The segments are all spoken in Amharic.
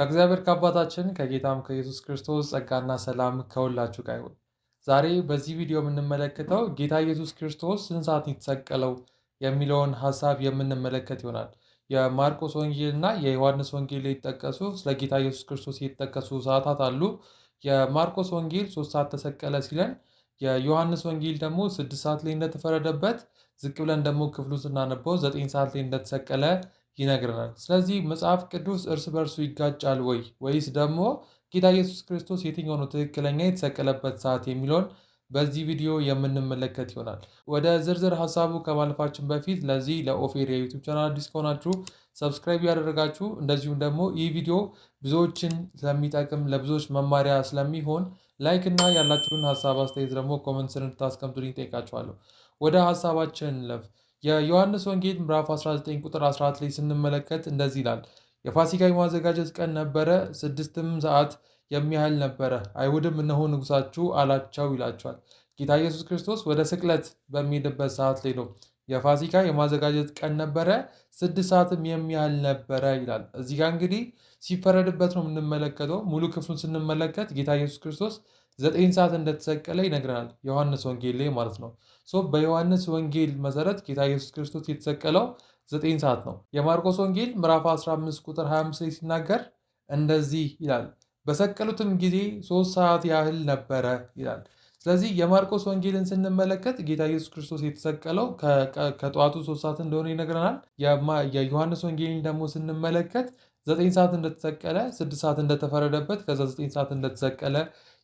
ከእግዚአብሔር ከአባታችን ከጌታም ከኢየሱስ ክርስቶስ ጸጋና ሰላም ከሁላችሁ ጋር ይሁን። ዛሬ በዚህ ቪዲዮ የምንመለከተው ጌታ ኢየሱስ ክርስቶስ ስንት ሰዓት የተሰቀለው የሚለውን ሀሳብ የምንመለከት ይሆናል። የማርቆስ ወንጌል እና የዮሐንስ ወንጌል የተጠቀሱ ስለ ጌታ ኢየሱስ ክርስቶስ የተጠቀሱ ሰዓታት አሉ። የማርቆስ ወንጌል ሶስት ሰዓት ተሰቀለ ሲለን የዮሐንስ ወንጌል ደግሞ ስድስት ሰዓት ላይ እንደተፈረደበት ዝቅ ብለን ደግሞ ክፍሉ ስናነበው ዘጠኝ ሰዓት ላይ እንደተሰቀለ ይነግረናል። ስለዚህ መጽሐፍ ቅዱስ እርስ በእርሱ ይጋጫል ወይ ወይስ ደግሞ ጌታ ኢየሱስ ክርስቶስ የትኛው ነው ትክክለኛ የተሰቀለበት ሰዓት የሚለውን በዚህ ቪዲዮ የምንመለከት ይሆናል። ወደ ዝርዝር ሀሳቡ ከማለፋችን በፊት ለዚህ ለኦፌር የዩቱብ ቻናል አዲስ ከሆናችሁ ሰብስክራይብ ያደረጋችሁ፣ እንደዚሁም ደግሞ ይህ ቪዲዮ ብዙዎችን ስለሚጠቅም ለብዙዎች መማሪያ ስለሚሆን ላይክ እና ያላችሁን ሀሳብ አስተያየት ደግሞ ኮመንት ስር እንድታስቀምጡልኝ ጠይቃችኋለሁ። ወደ ሀሳባችን ለፍ የዮሐንስ ወንጌል ምዕራፍ 19 ቁጥር 14 ላይ ስንመለከት እንደዚህ ይላል፣ የፋሲካ የማዘጋጀት ቀን ነበረ፣ ስድስትም ሰዓት የሚያህል ነበረ። አይሁድም እነሆ ንጉሳችሁ አላቸው ይላቸዋል። ጌታ ኢየሱስ ክርስቶስ ወደ ስቅለት በሚሄድበት ሰዓት ላይ ነው የፋሲካ የማዘጋጀት ቀን ነበረ። ስድስት ሰዓትም የሚያህል ነበረ ይላል። እዚህ ጋር እንግዲህ ሲፈረድበት ነው የምንመለከተው። ሙሉ ክፍሉን ስንመለከት ጌታ ኢየሱስ ክርስቶስ ዘጠኝ ሰዓት እንደተሰቀለ ይነግረናል። ዮሐንስ ወንጌል ላይ ማለት ነው። በዮሐንስ ወንጌል መሰረት ጌታ ኢየሱስ ክርስቶስ የተሰቀለው ዘጠኝ ሰዓት ነው። የማርቆስ ወንጌል ምዕራፍ 15 ቁጥር 25 ላይ ሲናገር እንደዚህ ይላል፣ በሰቀሉትም ጊዜ ሶስት ሰዓት ያህል ነበረ ይላል። ስለዚህ የማርቆስ ወንጌልን ስንመለከት ጌታ ኢየሱስ ክርስቶስ የተሰቀለው ከጠዋቱ ሶስት ሰዓት እንደሆነ ይነግረናል። የዮሐንስ ወንጌልን ደግሞ ስንመለከት ዘጠኝ ሰዓት እንደተሰቀለ፣ ስድስት ሰዓት እንደተፈረደበት፣ ከዛ ዘጠኝ ሰዓት እንደተሰቀለ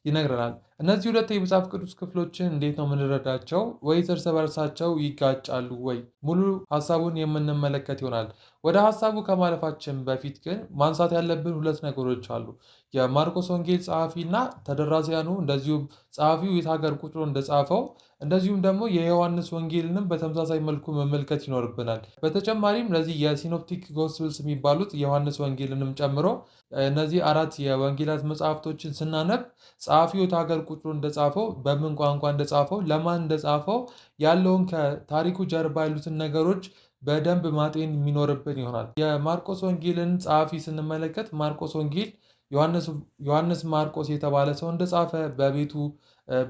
ይነግረናል። እነዚህ ሁለት የመጽሐፍ ቅዱስ ክፍሎችን እንዴት ነው የምንረዳቸው? ወይስ እርስ በርሳቸው ይጋጫሉ ወይ? ሙሉ ሀሳቡን የምንመለከት ይሆናል። ወደ ሀሳቡ ከማለፋችን በፊት ግን ማንሳት ያለብን ሁለት ነገሮች አሉ። የማርቆስ ወንጌል ጸሐፊ እና ተደራሲያኑ እንደዚሁም ጸሐፊው የት ሀገር እንደጻፈው እንደዚሁም ደግሞ የዮሐንስ ወንጌልንም በተመሳሳይ መልኩ መመልከት ይኖርብናል። በተጨማሪም ለዚህ የሲኖፕቲክ ጎስፕልስ የሚባሉት የዮሐንስ ወንጌልንም ጨምሮ እነዚህ አራት የወንጌላት መጽሐፍቶችን ስናነብ ጸሐፊው የት ሀገር ቁጥሩ እንደጻፈው በምን ቋንቋ እንደጻፈው ለማን እንደጻፈው ያለውን ከታሪኩ ጀርባ ያሉትን ነገሮች በደንብ ማጤን የሚኖርብን ይሆናል። የማርቆስ ወንጌልን ጸሐፊ ስንመለከት ማርቆስ ወንጌል ዮሐንስ ማርቆስ የተባለ ሰው እንደጻፈ በቤቱ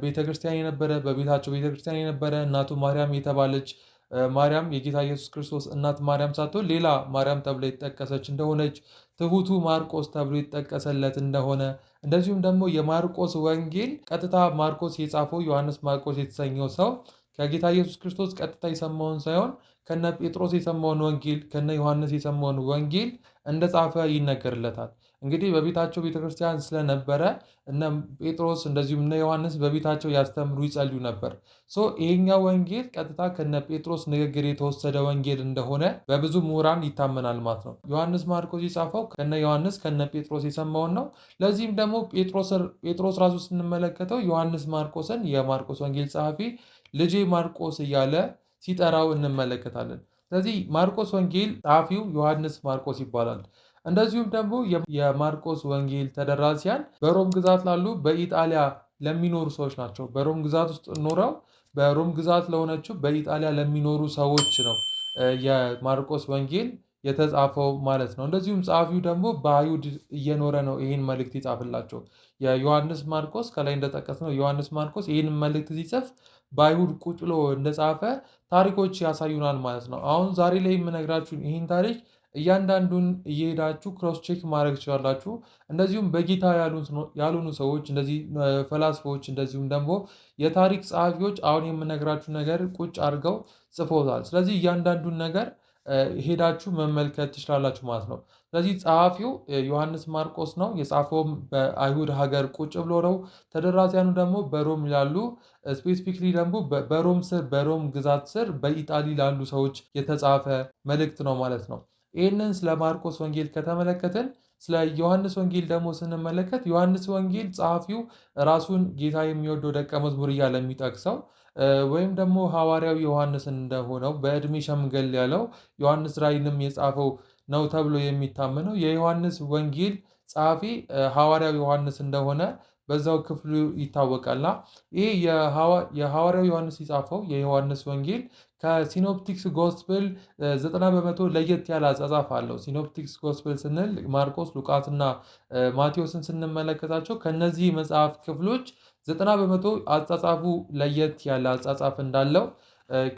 ቤተክርስቲያን የነበረ በቤታቸው ቤተክርስቲያን የነበረ እናቱ ማርያም የተባለች ማርያም የጌታ ኢየሱስ ክርስቶስ እናት ማርያም ሳትሆን ሌላ ማርያም ተብላ የተጠቀሰች እንደሆነች ትሑቱ ማርቆስ ተብሎ የተጠቀሰለት እንደሆነ እንደዚሁም ደግሞ የማርቆስ ወንጌል ቀጥታ ማርቆስ የጻፈው ዮሐንስ ማርቆስ የተሰኘው ሰው ከጌታ ኢየሱስ ክርስቶስ ቀጥታ የሰማውን ሳይሆን ከነ ጴጥሮስ የሰማውን ወንጌል ከነ ዮሐንስ የሰማውን ወንጌል እንደጻፈ ይነገርለታል። እንግዲህ በቤታቸው ቤተክርስቲያን ስለነበረ እነ ጴጥሮስ እንደዚሁም እነ ዮሐንስ በቤታቸው ያስተምሩ ይጸልዩ ነበር። ሶ ይሄኛው ወንጌል ቀጥታ ከነ ጴጥሮስ ንግግር የተወሰደ ወንጌል እንደሆነ በብዙ ምሁራን ይታመናል ማለት ነው። ዮሐንስ ማርቆስ የጻፈው ከነ ዮሐንስ ከነ ጴጥሮስ የሰማውን ነው። ለዚህም ደግሞ ጴጥሮስ ራሱ ስንመለከተው ዮሐንስ ማርቆስን የማርቆስ ወንጌል ጸሐፊ ልጄ ማርቆስ እያለ ሲጠራው እንመለከታለን። ስለዚህ ማርቆስ ወንጌል ጸሐፊው ዮሐንስ ማርቆስ ይባላል። እንደዚሁም ደግሞ የማርቆስ ወንጌል ተደራሲያን በሮም ግዛት ላሉ በኢጣሊያ ለሚኖሩ ሰዎች ናቸው። በሮም ግዛት ውስጥ ኖረው በሮም ግዛት ለሆነችው በኢጣሊያ ለሚኖሩ ሰዎች ነው የማርቆስ ወንጌል የተጻፈው ማለት ነው። እንደዚሁም ጸሐፊው ደግሞ በአይሁድ እየኖረ ነው ይህን መልእክት ይጻፍላቸው። የዮሐንስ ማርቆስ ከላይ እንደጠቀስ ነው ዮሐንስ ማርቆስ ይህን መልእክት ሲጽፍ በአይሁድ ቁጥሎ እንደጻፈ ታሪኮች ያሳዩናል ማለት ነው። አሁን ዛሬ ላይ የምነግራችሁን ይህን ታሪክ እያንዳንዱን እየሄዳችሁ ክሮስ ቼክ ማድረግ ትችላላችሁ። እንደዚሁም በጌታ ያልሆኑ ሰዎች እንደዚህ ፈላስፎች፣ እንደዚሁም ደግሞ የታሪክ ጸሐፊዎች አሁን የምነግራችሁ ነገር ቁጭ አድርገው ጽፎታል። ስለዚህ እያንዳንዱን ነገር ሄዳችሁ መመልከት ትችላላችሁ ማለት ነው። ስለዚህ ጸሐፊው ዮሐንስ ማርቆስ ነው። የጻፈውም በአይሁድ ሀገር ቁጭ ብሎ ነው። ተደራሲያኑ ደግሞ በሮም ላሉ ስፔሲፊክሊ ደግሞ በሮም ስር በሮም ግዛት ስር በኢጣሊ ላሉ ሰዎች የተጻፈ መልእክት ነው ማለት ነው። ይህንን ስለ ማርቆስ ወንጌል ከተመለከትን ስለ ዮሐንስ ወንጌል ደግሞ ስንመለከት ዮሐንስ ወንጌል ጸሐፊው ራሱን ጌታ የሚወደው ደቀ መዝሙር እያለ የሚጠቅሰው ወይም ደግሞ ሐዋርያው ዮሐንስ እንደሆነው በዕድሜ ሸምገል ያለው ዮሐንስ ራእይንም የጻፈው ነው ተብሎ የሚታመነው የዮሐንስ ወንጌል ጸሐፊ ሐዋርያው ዮሐንስ እንደሆነ በዛው ክፍሉ ይታወቃልና ይህ የሐዋርያው ዮሐንስ የጻፈው የዮሐንስ ወንጌል ከሲኖፕቲክስ ጎስፕል ዘጠና በመቶ ለየት ያለ አጻጻፍ አለው። ሲኖፕቲክስ ጎስፕል ስንል ማርቆስ፣ ሉቃስና ማቴዎስን ስንመለከታቸው ከነዚህ መጽሐፍ ክፍሎች ዘጠና በመቶ አጻጻፉ ለየት ያለ አጻጻፍ እንዳለው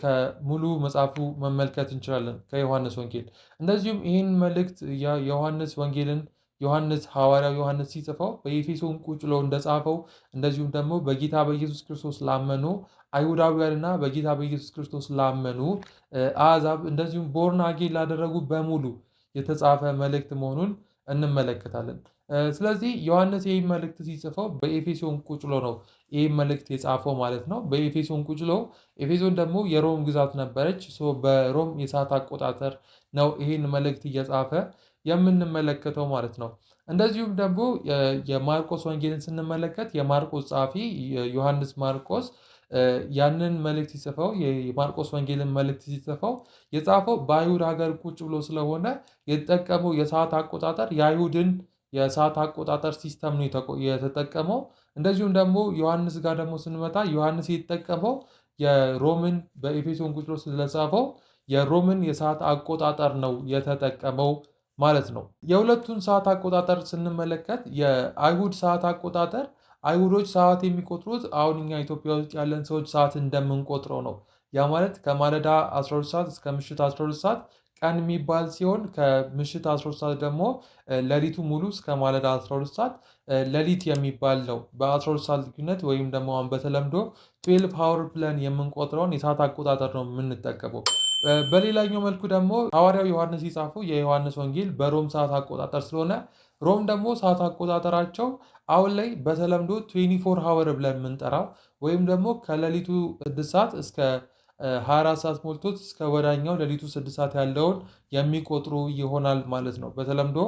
ከሙሉ መጽሐፉ መመልከት እንችላለን። ከዮሐንስ ወንጌል እንደዚሁም ይህን መልእክት የዮሐንስ ወንጌልን ዮሐንስ ሐዋርያው ዮሐንስ ሲጽፈው በኤፌሶን ቁጭ ብሎ እንደጻፈው እንደዚሁም ደግሞ በጌታ በኢየሱስ ክርስቶስ ላመኑ አይሁዳውያንና በጌታ በኢየሱስ ክርስቶስ ላመኑ አሕዛብ እንደዚሁም ቦርን አጌን ላደረጉ በሙሉ የተጻፈ መልእክት መሆኑን እንመለከታለን። ስለዚህ ዮሐንስ ይህ መልእክት ሲጽፈው በኤፌሶን ቁጭሎ ነው ይህ መልእክት የጻፈው ማለት ነው። በኤፌሶን ቁጭሎ ኤፌሶን ደግሞ የሮም ግዛት ነበረች። በሮም የሰዓት አቆጣጠር ነው ይህን መልእክት እየጻፈ የምንመለከተው ማለት ነው። እንደዚሁም ደግሞ የማርቆስ ወንጌልን ስንመለከት የማርቆስ ጸሐፊ ዮሐንስ ማርቆስ ያንን መልእክት ሲጽፈው የማርቆስ ወንጌልን መልእክት ሲጽፈው የጻፈው በአይሁድ ሀገር ቁጭ ብሎ ስለሆነ የተጠቀመው የሰዓት አቆጣጠር የአይሁድን የሰዓት አቆጣጠር ሲስተም ነው የተጠቀመው። እንደዚሁም ደግሞ ዮሐንስ ጋር ደግሞ ስንመጣ ዮሐንስ የተጠቀመው የሮምን በኤፌሶን ቁጭ ብሎ ስለጻፈው የሮምን የሰዓት አቆጣጠር ነው የተጠቀመው ማለት ነው። የሁለቱን ሰዓት አቆጣጠር ስንመለከት የአይሁድ ሰዓት አቆጣጠር አይሁዶች ሰዓት የሚቆጥሩት አሁን እኛ ኢትዮጵያ ውስጥ ያለን ሰዎች ሰዓት እንደምንቆጥረው ነው። ያ ማለት ከማለዳ 12 ሰዓት እስከ ምሽት 12 ሰዓት ቀን የሚባል ሲሆን ከምሽት 12 ሰዓት ደግሞ ሌሊቱ ሙሉ እስከ ማለዳ 12 ሰዓት ሌሊት የሚባል ነው። በ12 ሰዓት ልዩነት ወይም ደግሞ አሁን በተለምዶ 12 ፓወር ፕለን የምንቆጥረውን የሰዓት አቆጣጠር ነው የምንጠቀመው። በሌላኛው መልኩ ደግሞ ሐዋርያው ዮሐንስ የጻፈው የዮሐንስ ወንጌል በሮም ሰዓት አቆጣጠር ስለሆነ ሮም ደግሞ ሰዓት አቆጣጠራቸው አሁን ላይ በተለምዶ 24 ሀወር ብለን የምንጠራው ወይም ደግሞ ከሌሊቱ 6 ሰዓት እስከ 24 ሰዓት ሞልቶት እስከ ወዳኛው ሌሊቱ 6 ሰዓት ያለውን የሚቆጥሩ ይሆናል ማለት ነው። በተለምዶ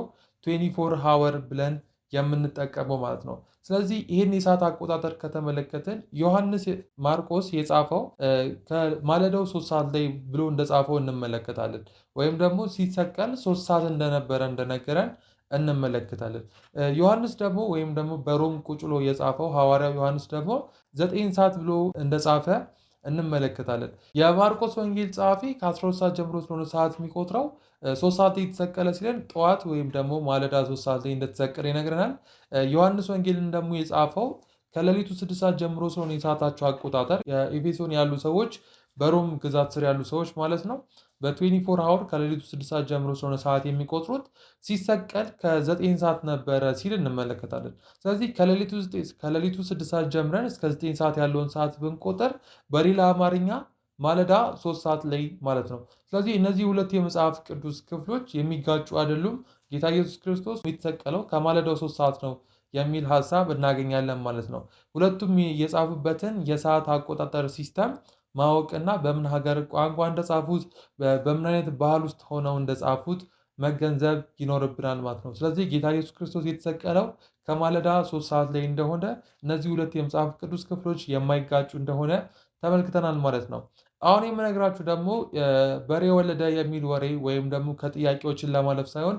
24 ሀወር ብለን የምንጠቀመው ማለት ነው። ስለዚህ ይህን የሰዓት አቆጣጠር ከተመለከትን ዮሐንስ ማርቆስ የጻፈው ከማለዳው ሶስት ሰዓት ላይ ብሎ እንደጻፈው እንመለከታለን። ወይም ደግሞ ሲሰቀል ሶስት ሰዓት እንደነበረ እንደነገረን እንመለከታለን። ዮሐንስ ደግሞ ወይም ደግሞ በሮም ቁጭሎ የጻፈው ሐዋርያው ዮሐንስ ደግሞ ዘጠኝ ሰዓት ብሎ እንደጻፈ እንመለከታለን። የማርቆስ ወንጌል ጸሐፊ ከ12 ሰዓት ጀምሮ ስለሆነ ሰዓት የሚቆጥረው ሶስት ሰዓት ላይ የተሰቀለ ሲለን ጠዋት ወይም ደግሞ ማለዳ ሶስት ሰዓት ላይ እንደተሰቀለ ይነግረናል። ዮሐንስ ወንጌልን ደግሞ የጻፈው ከሌሊቱ ስድስት ሰዓት ጀምሮ ስለሆነ የሰዓታቸው አቆጣጠር የኤፌሶን ያሉ ሰዎች በሮም ግዛት ስር ያሉ ሰዎች ማለት ነው። በ24 ከሌሊቱ ስድስት ሰዓት ጀምሮ ስለሆነ ሰዓት የሚቆጥሩት ሲሰቀል ከዘጠኝ ሰዓት ነበረ ሲል እንመለከታለን። ስለዚህ ከሌሊቱ ስድስት ሰዓት ጀምረን እስከ ዘጠኝ ሰዓት ያለውን ሰዓት ብንቆጠር በሌላ አማርኛ ማለዳ ሶስት ሰዓት ላይ ማለት ነው። ስለዚህ እነዚህ ሁለት የመጽሐፍ ቅዱስ ክፍሎች የሚጋጩ አይደሉም። ጌታ ኢየሱስ ክርስቶስ የተሰቀለው ከማለዳው ሶስት ሰዓት ነው የሚል ሀሳብ እናገኛለን ማለት ነው። ሁለቱም የጻፉበትን የሰዓት አቆጣጠር ሲስተም ማወቅና በምን ሀገር ቋንቋ እንደጻፉት በምን አይነት ባህል ውስጥ ሆነው እንደጻፉት መገንዘብ ይኖርብናል ማለት ነው። ስለዚህ ጌታ ኢየሱስ ክርስቶስ የተሰቀለው ከማለዳ ሶስት ሰዓት ላይ እንደሆነ እነዚህ ሁለት የመጽሐፍ ቅዱስ ክፍሎች የማይጋጩ እንደሆነ ተመልክተናል ማለት ነው። አሁን የምነግራችሁ ደግሞ በሬ ወለደ የሚል ወሬ ወይም ደግሞ ከጥያቄዎችን ለማለፍ ሳይሆን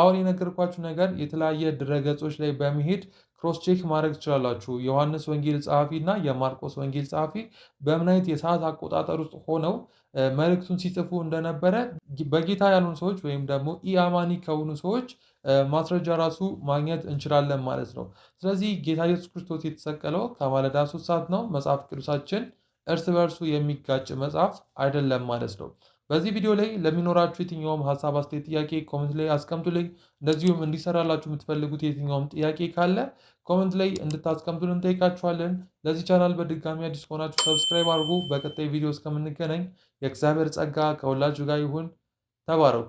አሁን የነገርኳችሁ ነገር የተለያየ ድረገጾች ላይ በመሄድ ክሮስ ቼክ ማድረግ ትችላላችሁ። ዮሐንስ ወንጌል ጸሐፊ እና የማርቆስ ወንጌል ጸሐፊ በምን አይነት የሰዓት አቆጣጠር ውስጥ ሆነው መልእክቱን ሲጽፉ እንደነበረ በጌታ ያሉን ሰዎች ወይም ደግሞ ኢአማኒ ከሆኑ ሰዎች ማስረጃ ራሱ ማግኘት እንችላለን ማለት ነው። ስለዚህ ጌታ ኢየሱስ ክርስቶስ የተሰቀለው ከማለዳ ሶስት ሰዓት ነው። መጽሐፍ ቅዱሳችን እርስ በእርሱ የሚጋጭ መጽሐፍ አይደለም ማለት ነው። በዚህ ቪዲዮ ላይ ለሚኖራችሁ የትኛውም ሀሳብ፣ አስተያየት፣ ጥያቄ ኮመንት ላይ አስቀምጡልኝ። እንደዚሁም እንዲሰራላችሁ የምትፈልጉት የትኛውም ጥያቄ ካለ ኮመንት ላይ እንድታስቀምጡልን እንጠይቃችኋለን። ለዚህ ቻናል በድጋሚ አዲስ ከሆናችሁ ሰብስክራይብ አድርጉ። በቀጣይ ቪዲዮ እስከምንገናኝ የእግዚአብሔር ጸጋ ከሁላችሁ ጋር ይሁን። ተባረኩ።